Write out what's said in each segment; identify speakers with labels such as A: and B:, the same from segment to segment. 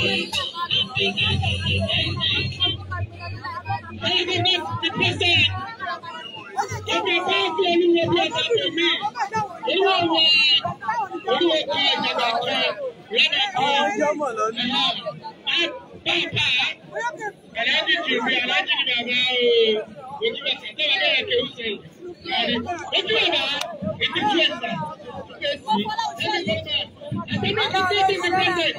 A: Baby,
B: miss the person. Ẹgbẹ́ báńkì olúwo bí ọba tèmi. Olúwo wọ olúwo kọ ìjọba kan lọ́dọ̀ kan. Bàbá aláàjì jù mí aláàjì jù bàbá o. Ojú bàtà tó wà lẹ́yìn kí o ṣe. Ojú bàbá ètò ìṣẹ̀ṣà. Ẹgbẹ́ báńkì olúwo bí ọba tèmi.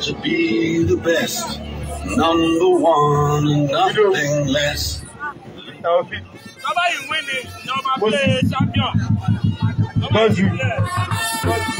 B: To be the best, number one, nothing
A: less. Baba you win it. You're play champion.
B: You're my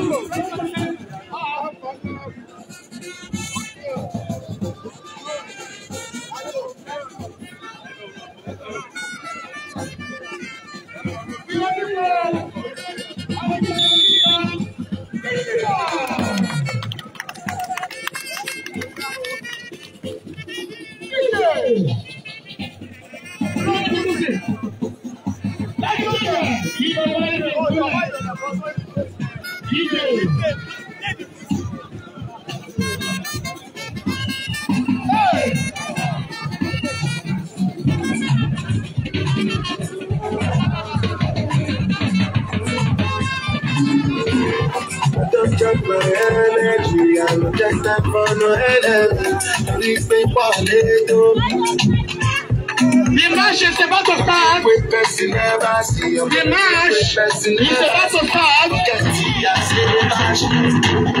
B: vamos lá.
A: wípé pàdé tó. The match is about to
B: start. With person never see The match is about to start.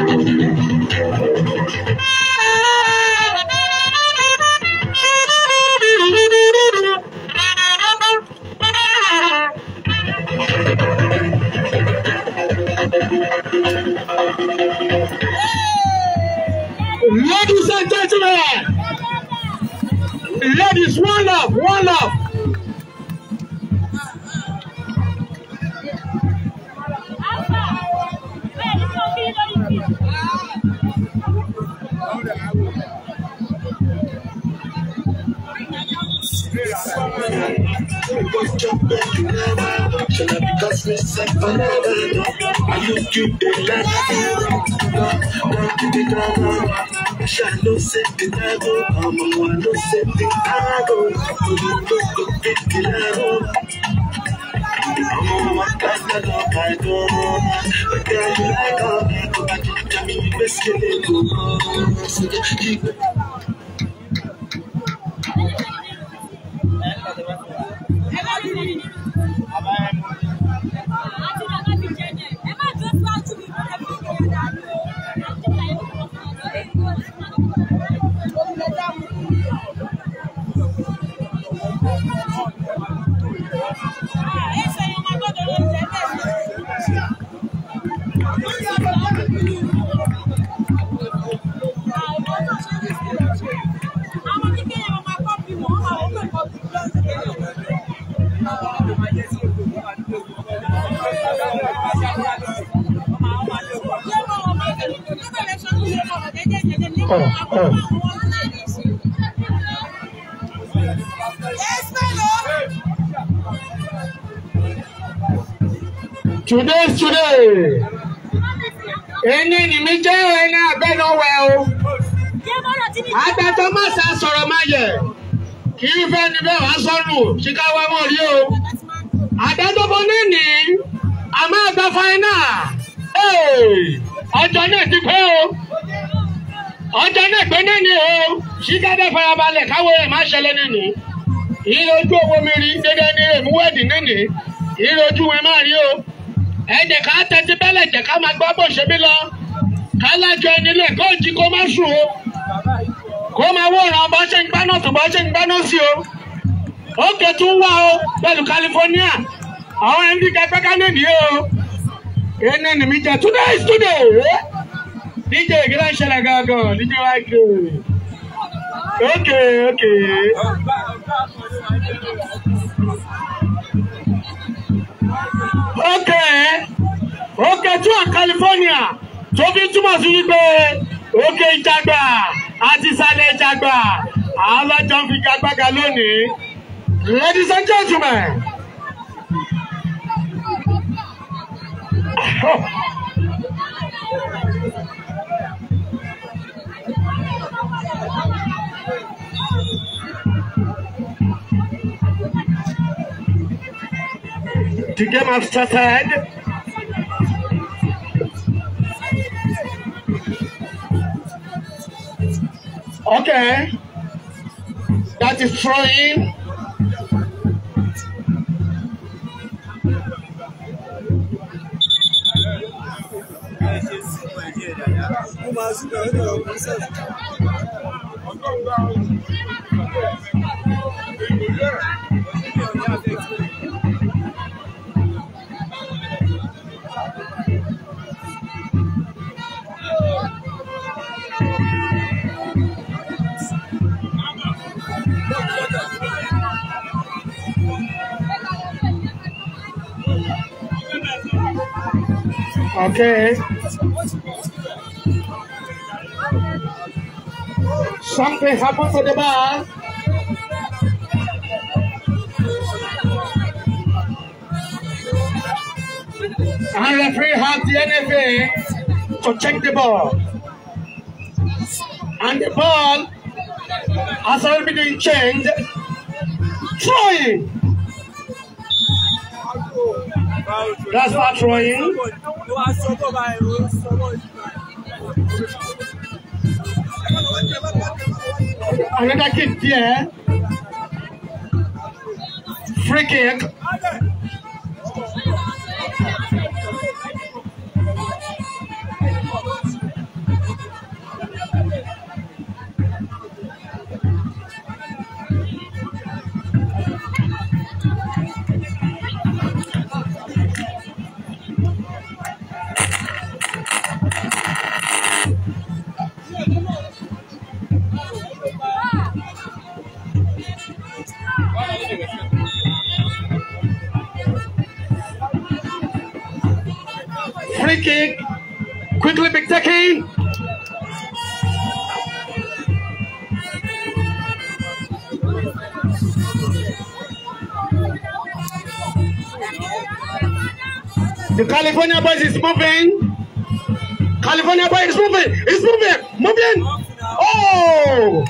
B: gentlemen, ladies, one love, one love. Because we said forever, I look you Shallow septic lago, common one, no septic lago. Como uma pasta do cargo, eu quero ir lá e comer, compartilhar minha esqueleto. Seja de Today
A: is today.
B: Ẹni ni mi jẹ́ ẹni abẹ́nọ́wẹ́ o.
A: Agbẹ́tọ́ máa sá sọ̀rọ̀ máa yẹ. Kì í fẹ́ ni bẹ́ẹ̀ wá sọ́nù ṣìkáwá mọ̀ rí o. Adájọ́ bọ́ ní ní a máa gba fáínà. Ọjọ́ náà ti pẹ́ o ọjọ́ náà pé nínú o ṣíkádé farabalẹ̀ káwé rẹ̀ má ṣẹlẹ̀ nínú ìrojú owó mi rí gẹ́gẹ́ ní èmú wẹ́ẹ̀dì nínú ìrojú wọn má rí o ẹ jẹ́ ká tẹ́tí bẹ́lẹ̀ jẹ́ ká máa gbọ́ bó ṣe mí lọ kálájọ ẹni lẹ̀ kó jí kó má sùn o kó máa wòran bó ṣe ń gbáná tó bó ṣe ń gbáná sí o ó ké tún wá o pẹ̀lú California àwọn ẹni gẹ́gẹ́ ká nìyí o ẹni nìmi jẹ́ today is today. DJ kí ló ń ṣẹlẹ̀ gangan DJ wáìkì
B: okay okay.
A: okay okay tún à California tó fi túmọ̀ sí wípé òkè ìjàgbà àti ìsàlẹ̀ ìjàgbà alájọ ń fi gagbága lónìí ladies and gentlemen.
B: to the master side.
A: Okay. That is throwing.
B: Thank you. Okay. Something happened to the bar. And referee has the
A: NFA to check the ball. And the ball, has already been changed. doing change,
B: That's not trying. Another kick there. Free kick. free
A: kick. Quickly, McTecky. The California boys is moving. California boy is moving. It's moving. Moving. Oh!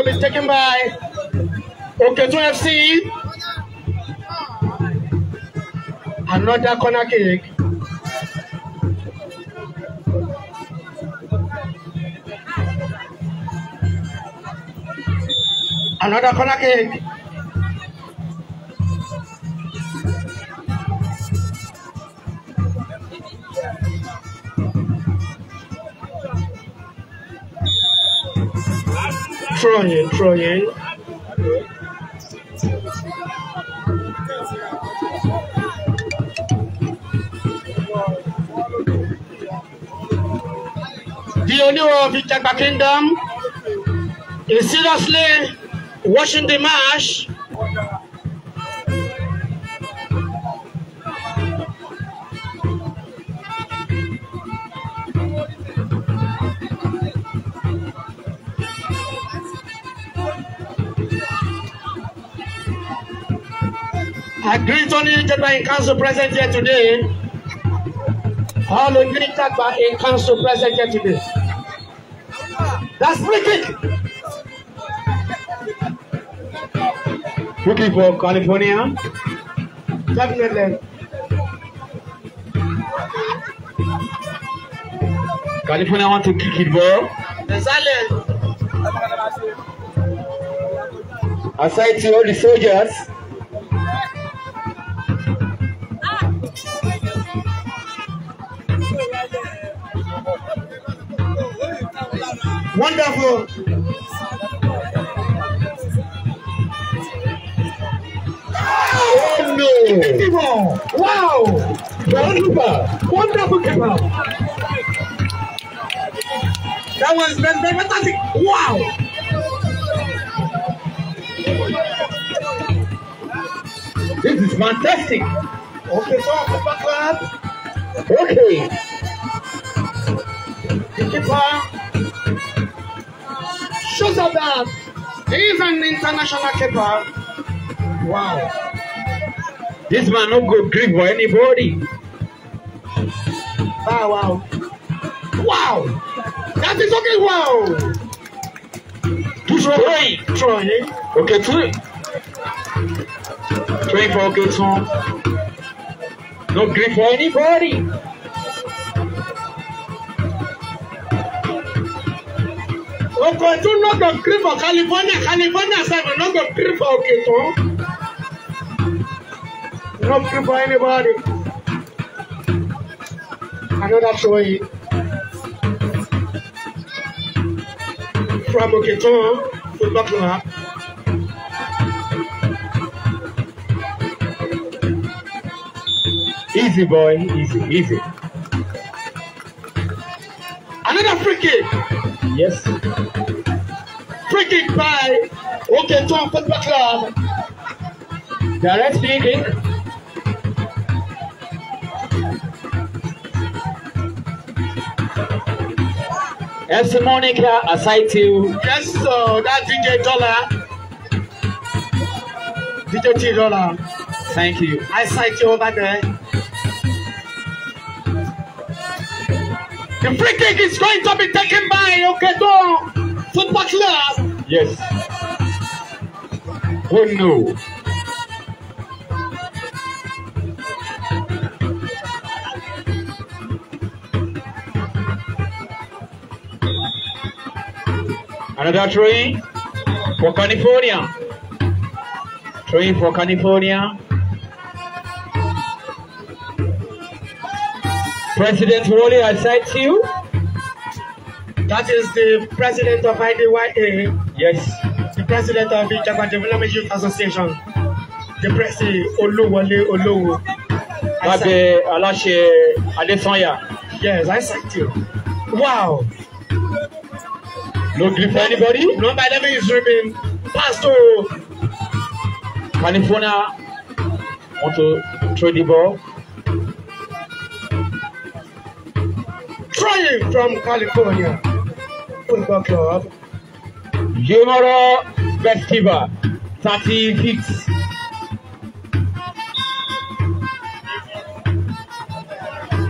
A: up is taken by Oketun FC. Another corner kick. Another
B: corner kick.
A: trying, trying. The owner of Itakba Kingdom is seriously watching the match. I greet only gentlemen in council present here today. All of you Jagba in council present here today. That's free Looking for California. Definitely. California want to kick it ball.
B: The silence.
A: Aside to all the soldiers.
B: Wonderful.
A: Oh
B: no! Wow! Wonderful! Wonderful keeper.
A: That was fantastic! Wow! This is fantastic. Okay, so clap. Okay. keeper shows up that even international keeper. Wow. This man no go grip for anybody. Wow, ah, wow. Wow. That is okay, wow. Two throwing. Throwing, eh? Okay, three. Throwing for okay, two. No grip for anybody. Okotun no go gree for California, California sef no go gree for Oketun. No gree for anybody. Another story from Oketun football club. Easy boy, easy, easy. Another free
B: kick. Yes. Free
A: kick by Oketon Football Club. Direct free kick. FC Monica Asaiti. Yes, sir. So that DJ Dollar. DJ T Dollar. Thank you. I cite you over there. The free kick is going to be taken by Okedo Football Club. Yes. Oh no. Another three for California. Three for California. President Wole, I cite you. That is the president of IDYA. Yes. The president of the Jagba Development Youth Association. The president Oluwole Olowo. Babe Alashe Adesanya. Yes, I cite you. Wow. No grief for anybody? No, by the is it's ripping. Pastor. California want to throw the ball. Live from California Football Club Jumoro Festival 36.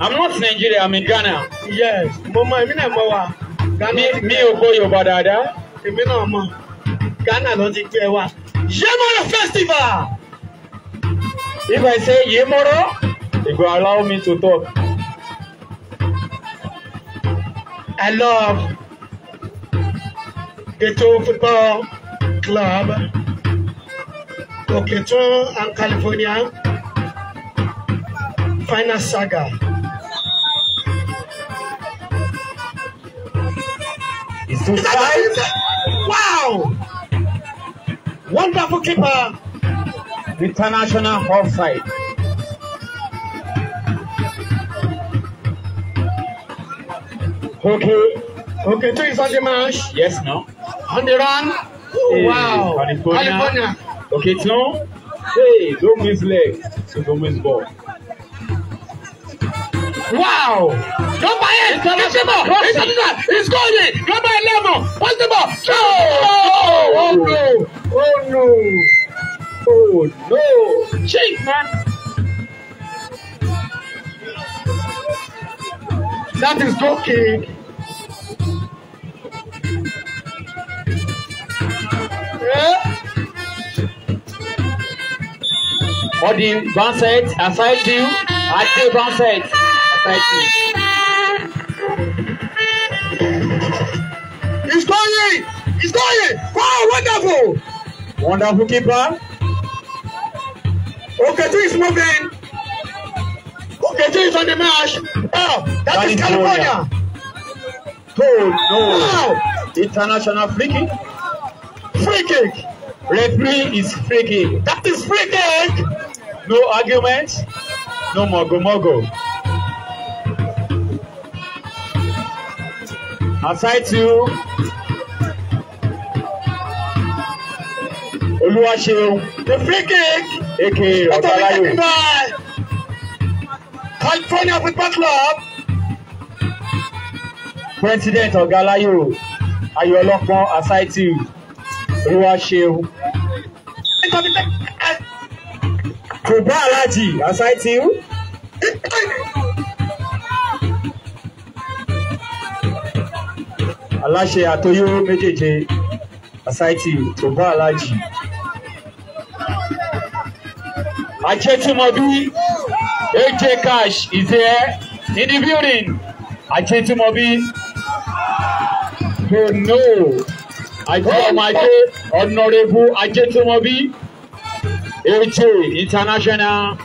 A: I'm not Nigeria, I'm in Ghana. Yes, mama, mọ èmi náà mọ Ghana mi ò gbọ́ Yorùbá dáadáa. Èmi náà mọ. Ghana ló ti gbé wa. Jumoro Festival. If I say Jumoro, they go allow me to talk. I love Gato Football Club, Coqueton and California, Final Saga. Is this tight. Wow! Wonderful keeper. International offside. Okay. Okay, two is on the march. Yes, no. On the run. Oh, wow. California. California. Okay, it's long. Hey, don't miss leg. So don't miss ball. Wow! Number it. it's the ball, it's the ball, it's golden! Number eleven, what's the ball? Oh oh,
B: oh, oh no! Oh no! Oh
A: no! Cheap, man! That is no kick. Yeah. Body bounce it, aside you, I do bounce it, aside you. He's going, he's going. Wow, wonderful. Wonderful keeper. Okay, two is moving is on the march. Oh, that, that is, California. California. Oh no! Wow. International free kick. Free kick. Referee is free kick. That is free kick. No argument. No mogo mogo. Aside to Oluwaseun, the free kick, aka Obalayo. California Football Club. President Ọ̀gáláyò Ayọ̀lọ́pọ̀n Asaitiu Olúwaṣeun. Kùbá Alájì Asaitiu. Aláṣẹ àtọyó méjèèjì Asaitiu Kùbá Alájì. Ajẹ́tìmọ̀bí. AJ Cash is here in the building. Oh no! Achetumobi. You know. Achetumobi, Honorable Achetumobi. AJ International.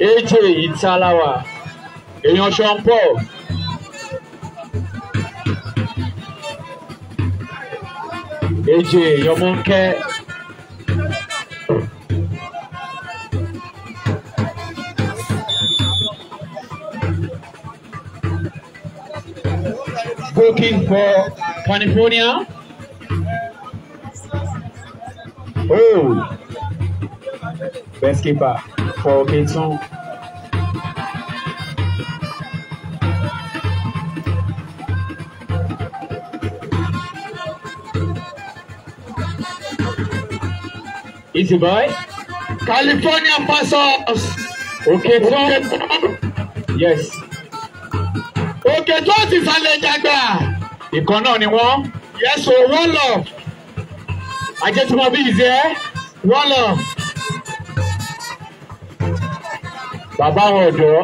A: AJ Italawa. Èèyàn Sean Paul. èjè yọmọkẹ́. Booking for California. Oh, best keeper for Keaton. Okay, Easy boy. California Pastors. Okay, Tom. Yes. Okay, Tom ti sálẹ̀ jágbá. Ìkan náà ni wọ́n. Yes, so one love. Ajẹ́tùmọ̀ bí ìzẹ́. One love. Bàbá àwọn ọ̀dọ́.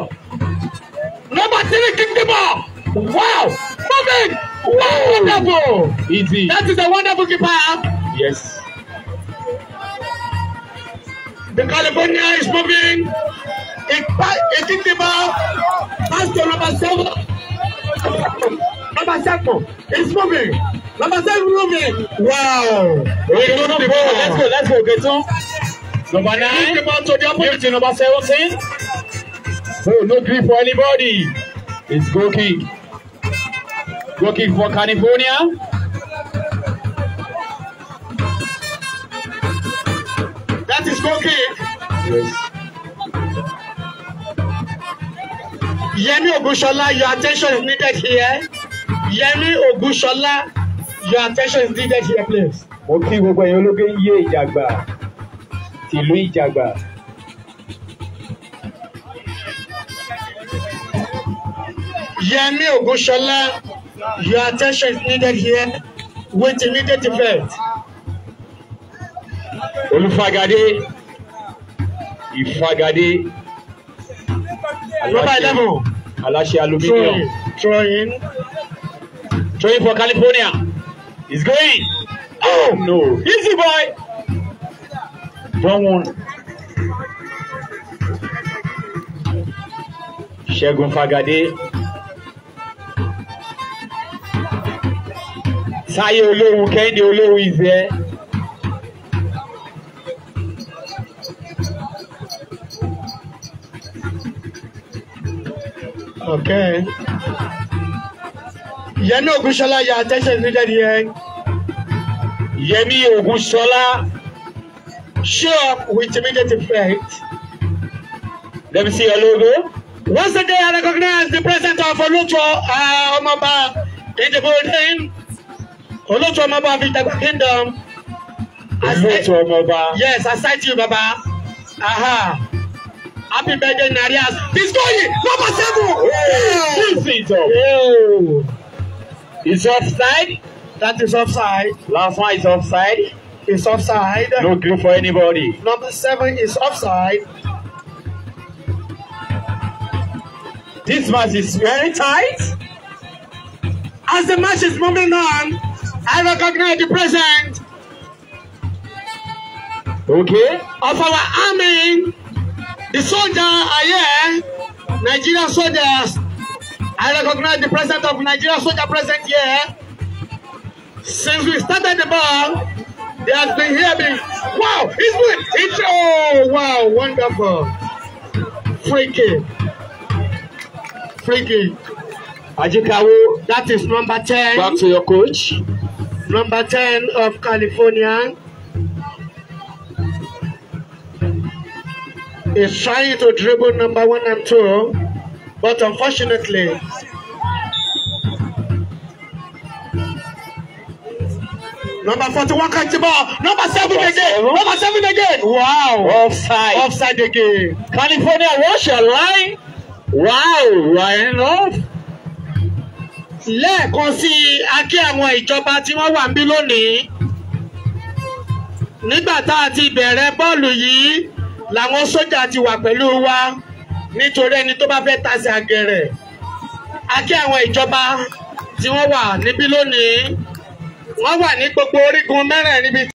A: Nọ́mbà three kìkìmọ̀. Wow! Moving! Wow! Wonderful! Easy. That is a wonderful keeper. Yes. The California is moving. Ikitiba pass to number seven. Number seven is moving. Number seven moving. Wow. Wait, no, no, no. Let's go, let's go,
B: Geto.
A: Number nine. Ikitiba to the opposite. to number seventeen. So oh, no grief for anybody. It's go kick. Go kick for California. sókè. Yemi Ogushola, your attention is needed here. Yemi Ogushola, your attention is needed here, please. Mo kí gbogbo ẹ̀yin ológun yé Ìjàgbá tìlú Ìjàgbá.
B: Yemi Ogushola, your
A: attention is needed here
B: with immediate effect.
A: Olùfagade ìfagadé aláṣẹ aluminium throwing throwing for California he's going oh no easy boy wrong one. Ṣẹ́gun Fagade Táyé olóhùn Kẹ́hìndé olóhùn Ìfẹ́. Okay. Yẹmí Ògúnṣọlá yà attention ní dẹ́ni yẹn. Yẹmí Ògúnṣọlá show up with immediate effect. Let me see your logo. Once again, I recognize the president of Oluto uh, in the building. Oluto Omaba Vitagba Kingdom. Oluto Omaba. Yes, I cite you, Baba. Aha. Happy birthday, Narias. He's going number seven.
B: This
A: is up. It's offside. That is offside. Last one is offside. It's offside. No clue for anybody. Number seven is offside. This match is very tight. As the match is moving on, I recognize the present. Okay. Of our army. The soldiers uh, are here. Nigerian soldiers. I recognize the president of Nigeria soldier present here. Since we started the ball, they have been here. Been, wow, it's good. It's oh wow, wonderful. Freaky. Freaky. Ajikawo, that is number 10. Back to your coach. Number 10 of California. is trying to dribble number one and two, but unfortunately, number 41 catch the ball, number seven number again, seven. number seven again. Wow, offside, offside again. California, Russia line. Wow, line off. lẹ́ẹ̀kan sí i a kí àwọn ìjọba tí wọ́n wà ń bí lónìí nígbà tá a ti bẹ̀rẹ̀ bọ́ọ̀lù yìí làwọn sójà ti wà pẹ̀lú wa nítorí ẹni tó bá fẹ́ tasẹ̀ àgẹ̀rẹ̀ a kí àwọn ìjọba tí wọ́n wà níbí lónìí wọ́n wà ní gbogbo orígun mẹ́rẹ̀ẹ̀rin níbi.